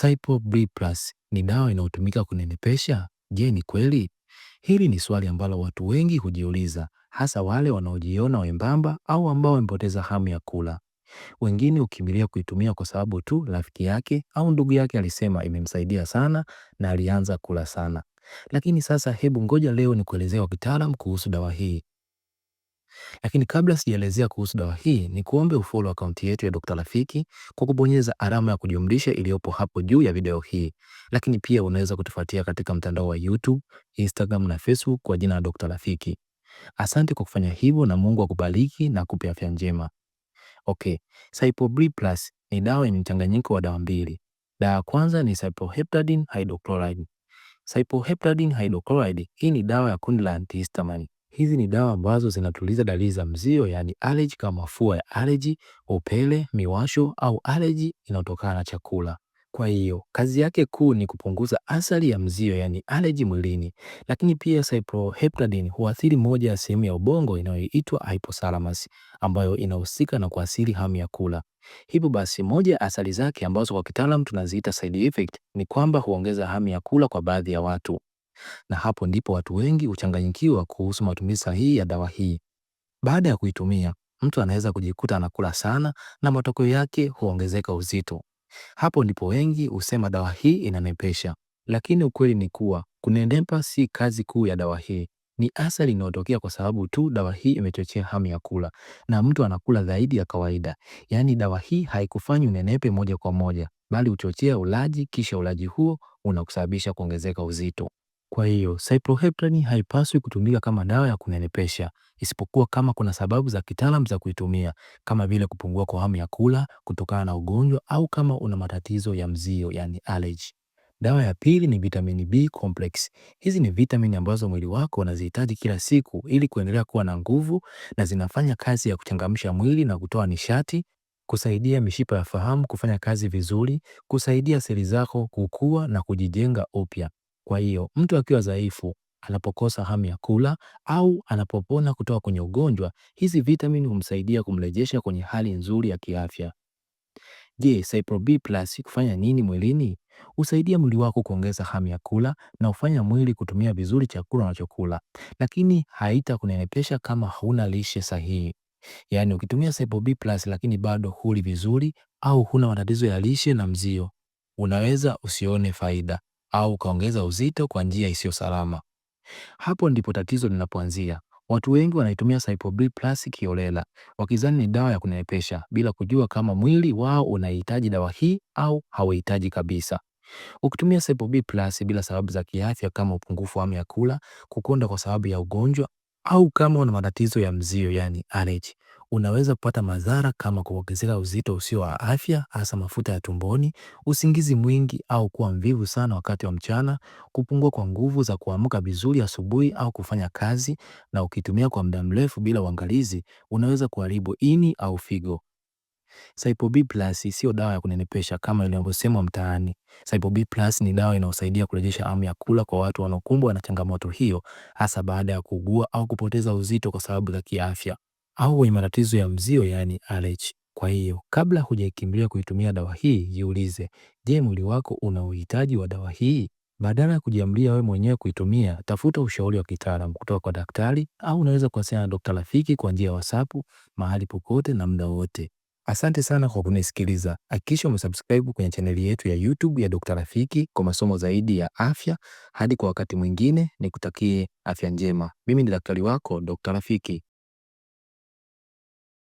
Cypro B+ ni dawa inayotumika kunenepesha? Je, ni kweli? Hili ni swali ambalo watu wengi hujiuliza, hasa wale wanaojiona wembamba au ambao wamepoteza hamu ya kula. Wengine hukimbilia kuitumia kwa sababu tu rafiki yake au ndugu yake alisema imemsaidia sana na alianza kula sana. Lakini sasa, hebu ngoja leo nikuelezea kwa kitaalamu kuhusu dawa hii, lakini kabla sijaelezea kuhusu dawa hii, ni kuombe ufollow akaunti yetu ya Dr. Rafiki kwa kubonyeza alama ya kujumlisha iliyopo hapo juu ya video hii. Lakini pia unaweza kutufuatia katika mtandao wa YouTube, Instagram na Facebook kwa jina la Dr. Rafiki. Asante kwa kufanya hivyo na Mungu akubariki na akupe afya njema. Okay, Cypobri Plus ni dawa yenye mchanganyiko wa dawa mbili. Dawa ya kwanza ni Cyproheptadine Hydrochloride. Cyproheptadine Hydrochloride hii ni dawa ya kundi la antihistamine Hizi ni dawa ambazo zinatuliza dalili za mzio, yani allergy, kama mafua ya allergy, upele, miwasho au allergy inayotokana na chakula. Kwa hiyo kazi yake kuu ni kupunguza athari ya mzio, yani allergy mwilini. Lakini pia cyproheptadin huathiri moja ya sehemu ya ubongo inayoitwa hypothalamus, ambayo inahusika na kuathiri hamu ya kula. Hivyo basi, moja ya athari zake ambazo kwa kitaalamu tunaziita side effect ni kwamba huongeza hamu ya kula kwa baadhi ya watu na hapo ndipo watu wengi huchanganyikiwa kuhusu matumizi sahihi ya dawa hii. Baada ya kuitumia, mtu anaweza kujikuta anakula sana na matokeo yake huongezeka uzito. Hapo ndipo wengi husema dawa hii inanepesha, lakini ukweli ni kuwa kunenepa si kazi kuu ya dawa hii. Ni athari inayotokea kwa sababu tu dawa hii imechochea hamu ya kula na mtu anakula zaidi ya kawaida. Yaani dawa hii haikufanyi unenepe moja kwa moja, bali huchochea ulaji, kisha ulaji huo unakusababisha kuongezeka uzito. Kwa hiyo, Cyproheptani haipaswi kutumika kama dawa ya kunenepesha isipokuwa kama kuna sababu za kitaalamu za kuitumia kama vile kupungua kwa hamu ya kula kutokana na ugonjwa au kama una matatizo ya mzio yani allergy. Dawa ya pili ni vitamini B complex. Hizi ni vitamini ambazo mwili wako unazihitaji kila siku ili kuendelea kuwa na nguvu na zinafanya kazi ya kuchangamsha mwili na kutoa nishati, kusaidia mishipa ya fahamu kufanya kazi vizuri, kusaidia seli zako kukua na kujijenga upya. Kwa hiyo mtu akiwa dhaifu, anapokosa hamu ya kula au anapopona kutoka kwenye ugonjwa, hizi vitamini humsaidia kumrejesha kwenye hali nzuri ya kiafya. Je, CyproB+ kufanya nini mwilini? Husaidia mwili wako kuongeza hamu ya kula na hufanya mwili kutumia vizuri chakula unachokula, lakini haitakunenepesha kama huna lishe sahihi. Yaani ukitumia CyproB+ lakini bado huli vizuri au huna matatizo ya lishe na mzio, unaweza usione faida au ukaongeza uzito kwa njia isiyo salama. Hapo ndipo tatizo linapoanzia. Watu wengi wanaitumia Cypobri Plus kiolela, wakizani ni dawa ya kunenepesha, bila kujua kama mwili wao unahitaji dawa hii au hauhitaji kabisa. Ukitumia Cypobri Plus bila sababu za kiafya kama upungufu wa hamu ya kula, kukonda kwa sababu ya ugonjwa, au kama una matatizo ya mzio, yani allergy, unaweza kupata madhara kama kuongezeka uzito usio wa afya, hasa mafuta ya tumboni, usingizi mwingi au kuwa mvivu sana wakati wa mchana, kupungua kwa nguvu za kuamka vizuri asubuhi au kufanya kazi, na ukitumia kwa muda mrefu bila uangalizi, unaweza kuharibu ini au figo. Cypro B+ sio dawa ya kunenepesha kama ilivyosemwa mtaani. Cypro B+ ni dawa inayosaidia kurejesha hamu ya kula kwa watu wanaokumbwa na changamoto hiyo, hasa baada ya kuugua au kupoteza uzito kwa sababu za kiafya au wenye matatizo ya mzio yaani allergy. Kwa hiyo kabla hujaikimbilia kuitumia dawa hii, jiulize, je, mwili wako una uhitaji wa dawa hii? Badala ya kujiamlia wewe mwenyewe kuitumia, tafuta ushauri wa kitaalamu kutoka kwa daktari, au unaweza kuwasiliana na Dokta Rafiki kwa njia ya WhatsApp mahali popote na muda wote. Asante sana kwa kunisikiliza. Hakikisha umesubscribe kwenye chaneli yetu ya YouTube ya Dokta Rafiki kwa masomo zaidi ya afya. Hadi kwa wakati mwingine, nikutakie afya njema. Mimi ni daktari wako Dokta Rafiki.